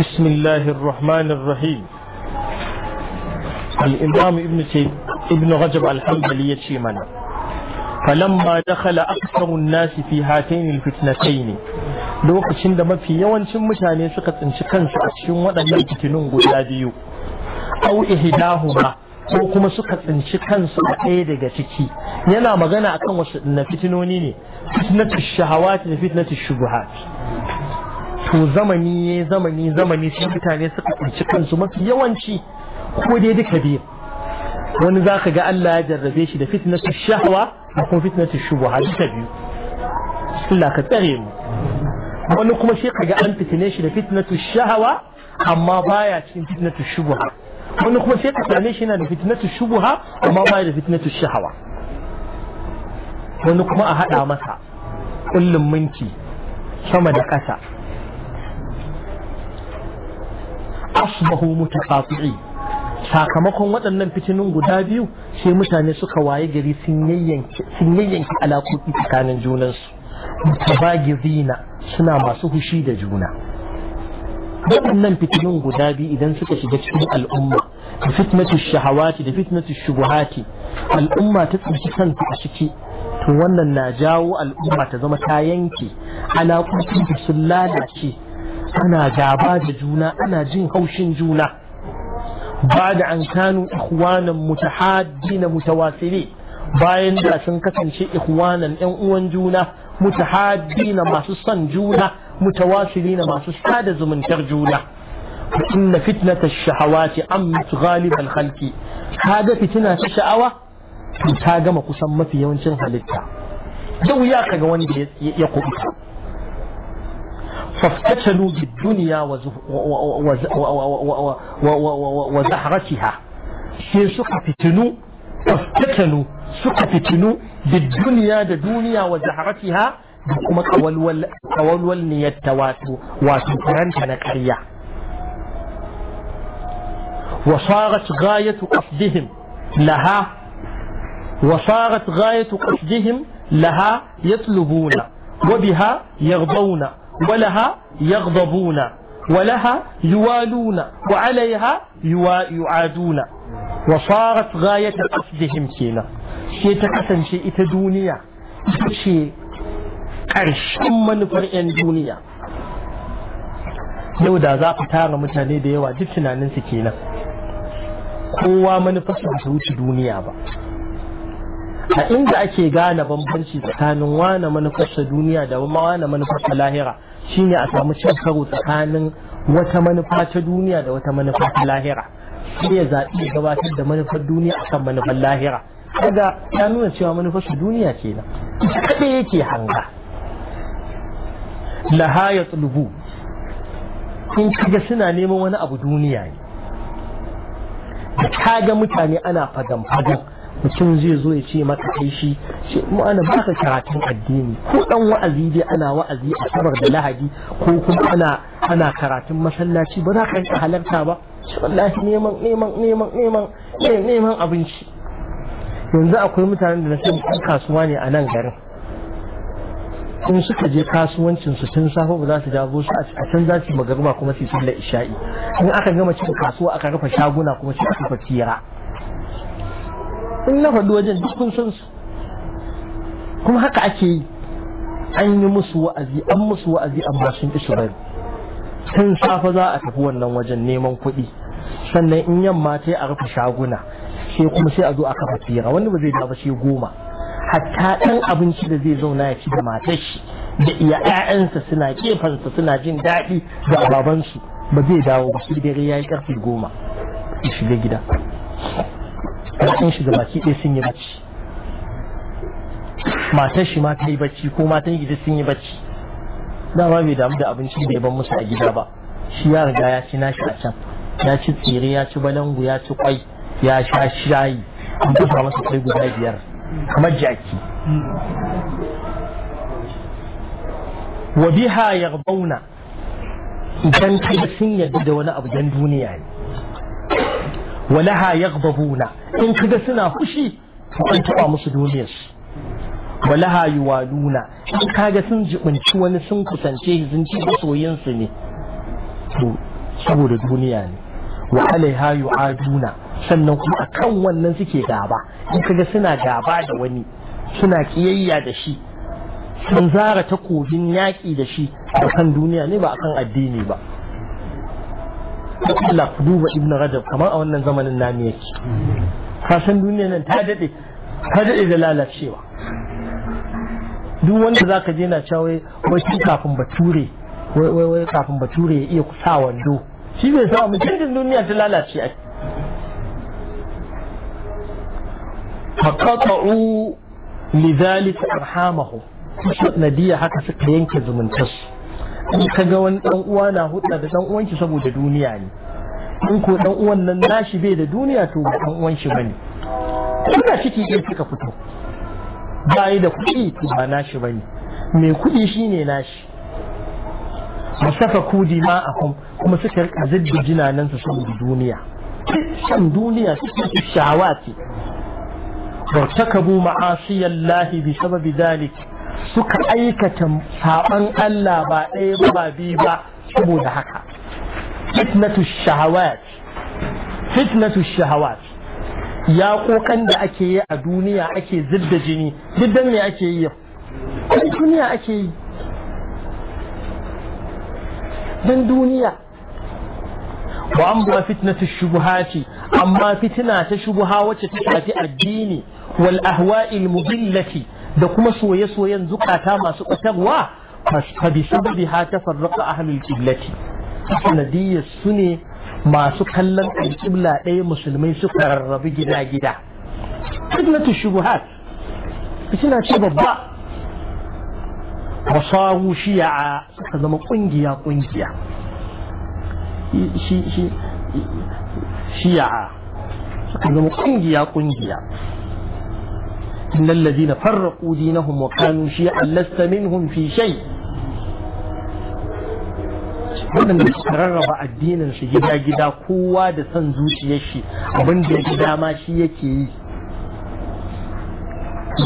بسم الله الرحمن الرحيم الإمام ابن تيم ابن mana, الحنبلي يتشيمنا فلما دخل أكثر الناس في هاتين الفتنتين lokacin da mafi yawancin mutane suka tsinci kansu a cikin waɗannan fitinun guda biyu au ko kuma suka tsinci kansu a ɗaya daga ciki yana magana akan wasu na fitinoni ne fitnatu shahawati da fitnatu shubuhat to zamani ya zamani zamani sai mutane suka kunci kansu mafi yawanci ko dai duka biyu wani za ka ga Allah ya jarrabe shi da fitnatu shahwa da kuma fitnatu shubuha duka biyu Allah ka tsare mu wani kuma shi ka ga an fitine shi da fitnatu shahwa amma baya cikin fitnatu shubuha wani kuma sai ka same shi yana da fitnatu shubuha amma baya da fitnatu shahwa wani kuma a hada masa kullum minti sama da ƙasa asbahu mutaqati'i sakamakon waɗannan fitinin guda biyu sai mutane suka waye gari sun yayyanki alaƙoƙi tsakanin junansu mutabagizina suna masu hushi da juna waɗannan fitilun guda biyu idan suka shiga cikin al'umma da fitnatu shahawati da fitnatu shubuhati al'umma ta tsinci kanta a ciki to wannan na jawo al'umma ta zama ta yanke alaƙoƙin sun lalace ana gaba da juna ana jin haushin juna ba da an kanu ikhwanan na mutawasili bayan da sun kasance ikhwanan yan uwan juna na masu son juna na masu sada zumuntar juna inna fitnata shahawati ammat ghaliban khalqi kaga fitina ta sha'awa ta gama kusan mafi yawancin halitta da wuya kaga wanda ya kubuta فافتتنوا بالدنيا وزهرتها شين سوكا فتنو افتتنوا سوكا فتنو بالدنيا دنيا وزحرتها بكم قول والنية تواتو واسوكران تنكرية وصارت غاية قصدهم لها وصارت غاية قصدهم لها يطلبون وبها يغضون ولها يغضبون ولها يوالون وعليها يعادون وصارت غاية قصدهم كينا شيء تكسن شيء تدونيا شيء قرش manufar 'yan duniya yau da za ku tara mutane da yawa duk tunaninsu kenan kowa manufarsa ba ta wuce duniya ba a inda ake gane bambanci tsakanin wane manufarsa duniya da wane manufarsa lahira shi ne a samu cin karo tsakanin wata manufa ta duniya da wata manufa ta lahira sai ya zaɓi ya gabatar da manufar duniya akan manufar lahira kaga ya nuna cewa manufar su duniya ce na kaɗe yake hanga lahaya ya tsulubu in kaga suna neman wani abu duniya ne da kaga mutane ana fagan fagan mutum zai zo ya ce maka kai shi ana ba ka karatun addini ko dan wa'azi dai ana wa'azi a sabar da lahadi ko kuma ana ana karatun masallaci ba za ka yi halarta ba wallahi neman neman neman neman eh, neman abinci yanzu akwai mutanen da na san ɗan kasuwa ne a nan garin in suka je kasuwancin su tun safe ba za su dawo su a can za su magariba kuma su yi sallar isha'i in aka gama cin kasuwa aka rufe shaguna kuma su aka rufe in na faɗi wajen duk kun su kuma haka ake yi an yi musu wa'azi an musu wa'azi an bashin isu sun tun safe za a tafi wannan wajen neman kuɗi sannan in yamma ta a rufe shaguna sai kuma sai a zo a kafa fira wanda ba zai da shi goma hatta ɗan abinci da zai zauna ya ci da matar shi da iya ƴaƴansa suna kefansa suna jin daɗi da ababansu ba zai dawo ba sai dare ya yi ƙarfe goma a shiga gida Matan shi da gabaki ɗaya sun yi bacci matar shi ma ta yi bacci ko matan gida sun yi bacci dama bai damu da abincin da ya ban musu a gida ba shi ya riga ya ci nashi a can ya ci tsire ya ci balangu ya ci kwai ya sha shayi an kusa masa kwai guda biyar kamar jaki wa biha yarbauna idan kai sun yarda da wani abu dan duniya ne walaha yaghdabuna in kaga suna fushi to an taba musu duniyar su walaha yuwaduna in kaga sun jibinci wani sun kusance shi sun ci masoyin ne to saboda duniya ne wa alaiha yu'aduna sannan kuma akan wannan suke gaba in kaga suna gaba da wani suna kiyayya da shi sun zara takobin yaƙi da shi akan duniya ne ba a kan addini ba Allah ku duba ibn rajab kamar a wannan zamanin nami yake ka san duniya nan ta daɗe. ta daɗe da lalacewa duk wanda zaka je na cewa wai kafin bature wai wai kafin bature ya iya sa wando shi bai sa mu canjin duniya ta lalace a فقطعوا لذلك أرحامهم haka suka yanke zumuntarsu in ka ga wani dan uwa na hudda da dan uwanki saboda duniya ne in ko dan uwan nan nashi bai da duniya to ba dan uwan shi bane ina ciki ɗaya suka fito bayi da kuɗi to ba nashi bane mai kuɗi shine nashi saka kudi ma a kuma suka rika zidda jinanan su saboda duniya Shan duniya suke shawa ce wa takabu ma'asiyallahi bi sababi dalik suka aikata saban Allah ba ɗaya ba ba biyu ba saboda haka fitnatu shahawat fitnatu shahawat ya kokan da ake yi a duniya ake zidda jini diddan me ake yi a duniya ake yi dan duniya wa amma fitnatu shubuhati amma fitina ta shubuha wacce ta shafi addini wal ahwa'il mubillati da kuma soye-soyen zukata masu kwatarwa Ka bi sababi ha tafarraqa ahlul qiblati sanadiyyar su ne masu kallon alƙibla ɗaya musulmai suka rarrabi gida-gida fitnatu shubuhat suna ce babba wasu shi'a suka zama suka zama ƙungiya-ƙungiya إلا الذين فرقوا دينهم وكانوا شيعا لست منهم في شيء waɗanda suka rarraba addinin shi gida-gida kowa da son zuciyar shi abin da ya dama shi yake yi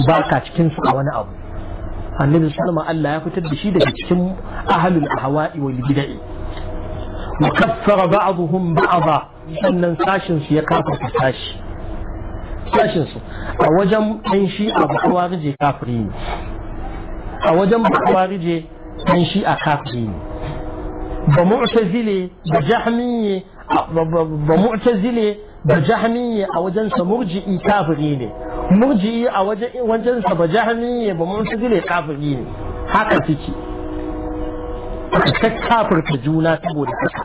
ba ka cikin su a wani abu annabi sallama Allah ya fitar da shi daga cikin ahalul ahwa'i wal bid'i wa kaffara ba'dhum ba'dha sannan sashin su ya kafa sashi tashin su a wajen ɗan shi a bakwarije kafiri ne a wajen bakwarije ɗan shi a kafiri ne ba mu'tazile da jahmiye ba mu'tazile da jahmiye a wajen sa murji'i kafiri ne murji'i a wajen sa ba jahmiye ba mu'tazile kafiri ne haka suke ta kafirta juna saboda haka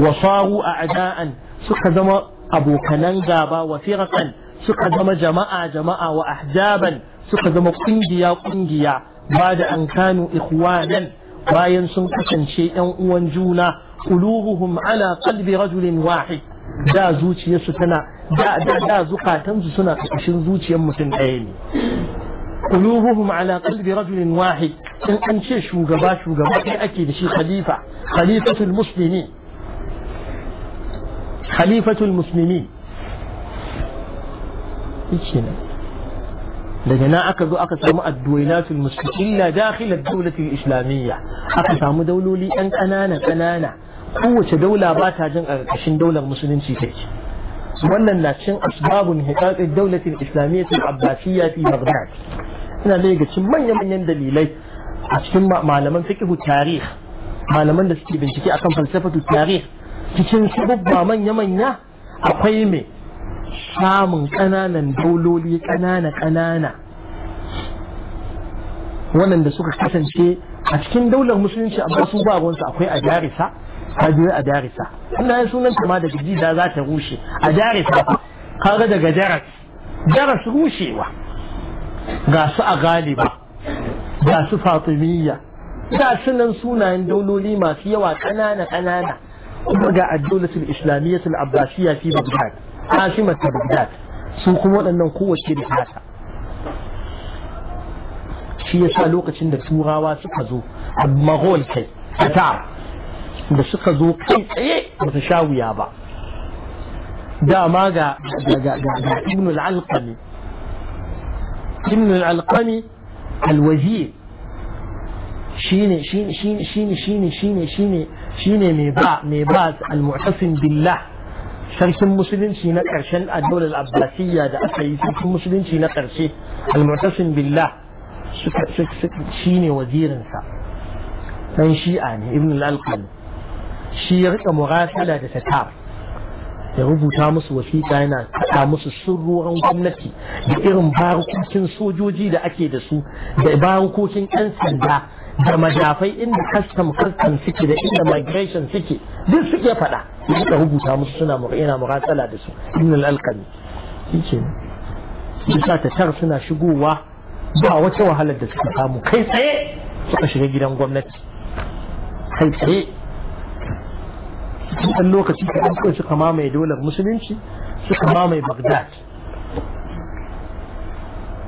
wa saru a ada'an suka zama abokanan gaba wa firqan suka zama jama'a jama'a wa ahzaban suka zama kungiya kungiya ba da an kanu ikhwanan bayan sun kasance yan uwan juna qulubuhum ala qalbi rajulin wahid da zuciyarsu tana da da da zukatansu suna kashin zuciyar mutum ɗaya ne qulubuhum ala qalbi rajulin wahid in an ce shugaba shugaba kai ake da shi khalifa khalifatul muslimin khalifatul muslimin shi daga na aka zo aka samu addu'ainatul mustaqilla dakhil ad-dawlati al-islamiyya aka samu dauloli ɗan ƙanana ƙanana kowace daula ba ta jin ƙarƙashin daular musulunci take wannan na cin asbabun hiqaqid dawlati al islamiyya al-abbasidiyya fi baghdad ina da ga cin manya-manyan dalilai a cikin malaman fiqh tarih malaman da suke bincike akan falsafatu tarih cikin babba manya-manya akwai me samun ƙananan dauloli kanana. ƙanana waɗanda suka kasance a cikin daular musulunci amma su ba wansu akwai a jarisa. ta biyu a jarisa. ina yin sunan ta ma daga jida za ta rushe a darisa kaga daga jaras jaras rushewa ga su a galiba ga su fatimiyya ga sunan sunayen dauloli masu yawa ƙanana-ƙanana kuma ga addolatul islamiyyatul abbasiyya fi bagdad عاشمة بغداد سوكم وأنهم قوة شريحة شيء سالوك عند سورة وسكزو المغول كي أتا عند سكزو كي سيء وتشاوي يا با دا ما جا جا جا جا ابن العلقمي ابن العلقمي الوزير شيني شيني شيني شيني شيني شيني شيني شيني شيني مي با المعتصم بالله sarkin musulunci na ƙarshen addaular abbasiyya da aka yi sarkin musulunci na ƙarshe almutasin billah shi ne wazirinsa ɗan shi'a ne ibn al-alqal shi ya rika murasala da tatar ya rubuta musu wasiƙa yana faɗa musu sirruwan gwamnati da irin barukokin sojoji da ake da su da barukokin 'yan sanda da madafai inda kastam kastam suke da inda migration suke duk suke faɗa ya suka rubuta musu suna yana muratsala da su innal alqami shi ke sa ta tar suna shigowa ba wata wahalar da suka samu kai tsaye suka shiga gidan gwamnati kai tsaye ɗan lokaci ɗan kai suka mamaye dolar musulunci suka mamaye bagdad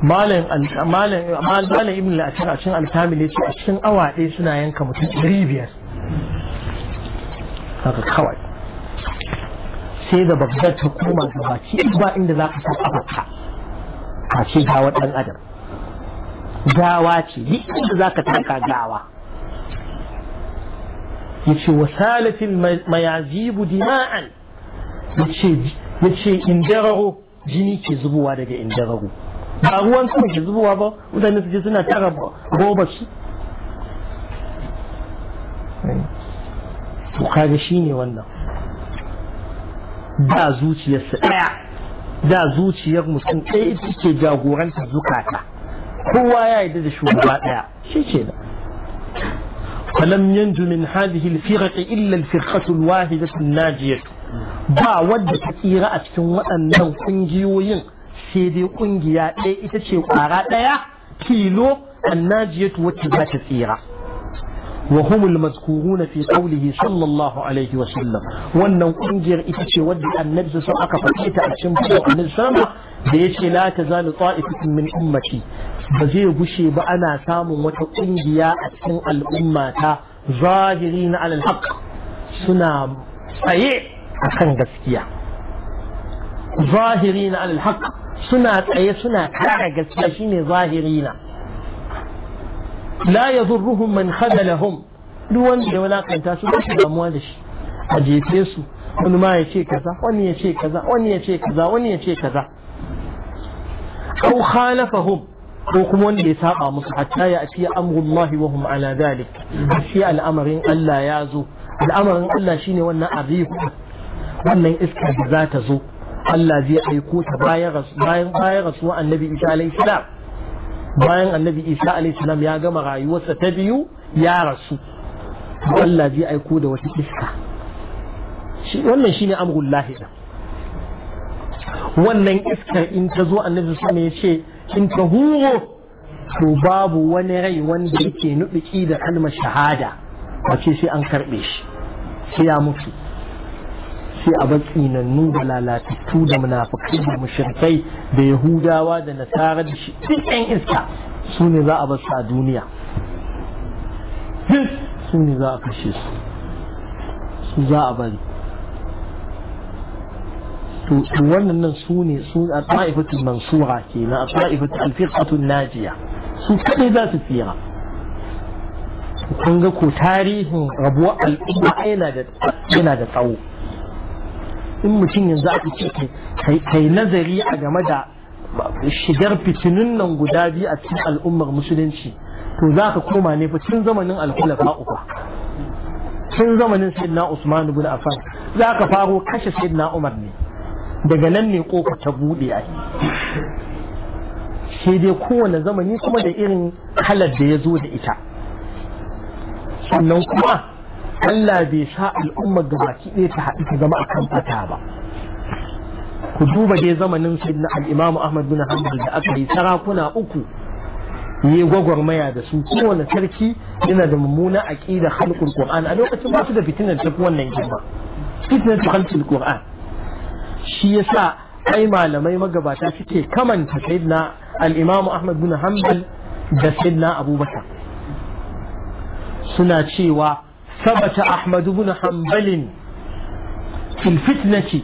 malam ibn la'ashir a cin alkamil ne ce a cikin awa ɗaya suna yanka mutum ɗari biyar haka kawai sai da babbar ta koma ga baki ba inda za ka san afirka a ce ɗan adam gawa ce duk inda za ka taka gawa ya ce wasalatin mayazibu dima'an ya ce indararo jini ke zubowa daga indararo ba ruwan sama ke zubowa ba mutane su je suna tara roba shi to kaga shine wannan دا زوجي السريع دا زوجي يغمسون ايه تيكي جاغو زكاكا هو ايه دا شي شي فلم ينجو من هذه الفرقة إلا الفرقة الواحدة الناجية با ودى تكيرا أتكن وأن نو كنجيوين سيدي كنجيا ايه تيكي وارات ايه كيلو الناجية وتباتت كثيره وهم المذكورون fi قوله صلى الله عليه وسلم wannan kungiyar ita ce wadda annabi sun aka fake a cikin bayan annabi sama da yace la tazalu ta'ifatun min ummati ba zai gushe ba ana samun wata kungiya a cikin al'umma ta zahirin ala alhaq suna tsaye akan gaskiya zahirin ala suna tsaye suna kare gaskiya shine zahirina la yadurruhum man khadalahum duk wanda ya wulakanta su ba su damuwa da shi a jefe su wani ma ya ce kaza wani ya ce kaza wani ya ce kaza wani ya ce kaza aw khalafahum ko kuma wanda ya saba musu hatta ya ati amrullahi wa hum ala dhalik shi al'amarin Allah ya zo al'amarin Allah shine wannan abiku wannan iska da za ta zo Allah zai aiko ta bayan bayan bayan rasuwa annabi Isa alaihi salam bayan annabi isa alaihissalam ya gama rayuwarsa ta biyu ya rasu Allah zai aiko da wata iska wannan shine amrul lahida wannan iskar in ta zo annabi sama ya ce in ta huro to babu wani rai wanda yake nuɗuki da kalmar shahada wace sai an karɓe shi sai ya mutu sai a batsinannu da lalatattu da munafukai da mushrikai da yahudawa da nasara da shi duk yan iska su ne za a bar su a duniya duk su ne za a kashe su su za a bari to wannan nan su ne su a ta'ifatul mansura kenan a ta'ifatul alfiqatul najiya su kaɗai za su tsira kun ga ko tarihin rabuwar al'umma yana da tsawo in mutum yanzu aka ce kai nazari a game da shigar fitinin nan guda biyu a cikin al'ummar musulunci to za ka koma ne fa tun zamanin alkulafa uku tun zamanin sayyidina Usman ibn Affan za ka faro kashe sayyidina Umar ne daga nan ne kofa ta bude yi, sai dai kowane zamani kuma da irin halar da ya zo da ita sannan kuma Allah bai sa al'ummar gabaki ɗaya ta haɗu ta zama a kan fata ba ku duba dai zamanin sayyidina al-Imam Ahmad bin Hanbal da aka yi sarakuna uku yi gwagwarmaya da su kowane sarki yana da mummuna aqida halqul Qur'an a lokacin ba su da fitinar tafi wannan girma Fitinan halqul Qur'an shi yasa ai malamai magabata suke kamanta sayyidina al-Imam Ahmad bin Hanbal da sayyidina Abubakar suna cewa ثبت أحمد بن حنبل في الفتنة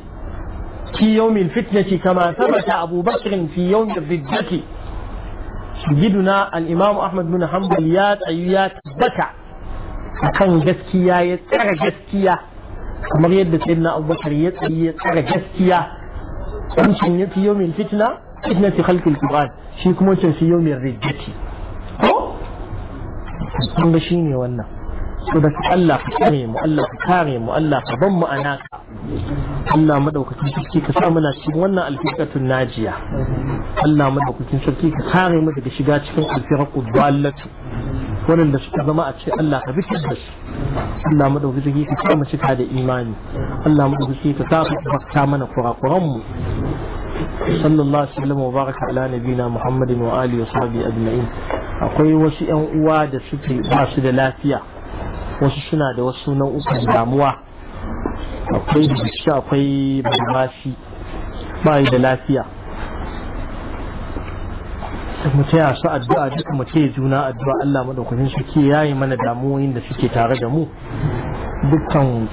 في يوم الفتنة كما ثبت أبو بكر في يوم الردة سيدنا الإمام أحمد بن حنبل يا أيات بكع أكان جسكيا يترى جسكيا كما يد سيدنا أبو بكر يترى جسكيا وانشن في يوم الفتنة فتنة خلق القرآن شيكم وانشن في يوم الردة ko? Kun ga shi ne wannan. Su da Allah ka kare mu Allah ka kare mu Allah ka ban mu ana Allah madaukakin sarki ka sa muna cikin wannan alfiqatun najiya Allah madaukakin sarki ka kare mu daga shiga cikin alfiqatul dallatu waɗanda suka zama a ce Allah ka fitar da su Allah madaukaki ka sa mu cika da imani Allah madaukaki ka sa mu fakta mana kurakuran mu sallallahu alaihi wasallam wa baraka ala nabina muhammadin wa alihi wa sahbihi ajma'in akwai wasu yan uwa da suke ba da lafiya wasu suna da wasu nau'ukan damuwa akwai da akwai bambashi ba da lafiya mu ya su addu'a duka mu ya juna addu'a Allah madaukakin ke yayi mana damuwoyin da suke tare da mu dukkan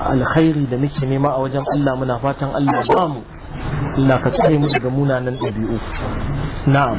alkhairi da muke nema a wajen Allah muna fatan Allah ba mu Allah ka mu daga munanan ɗabi'u na'am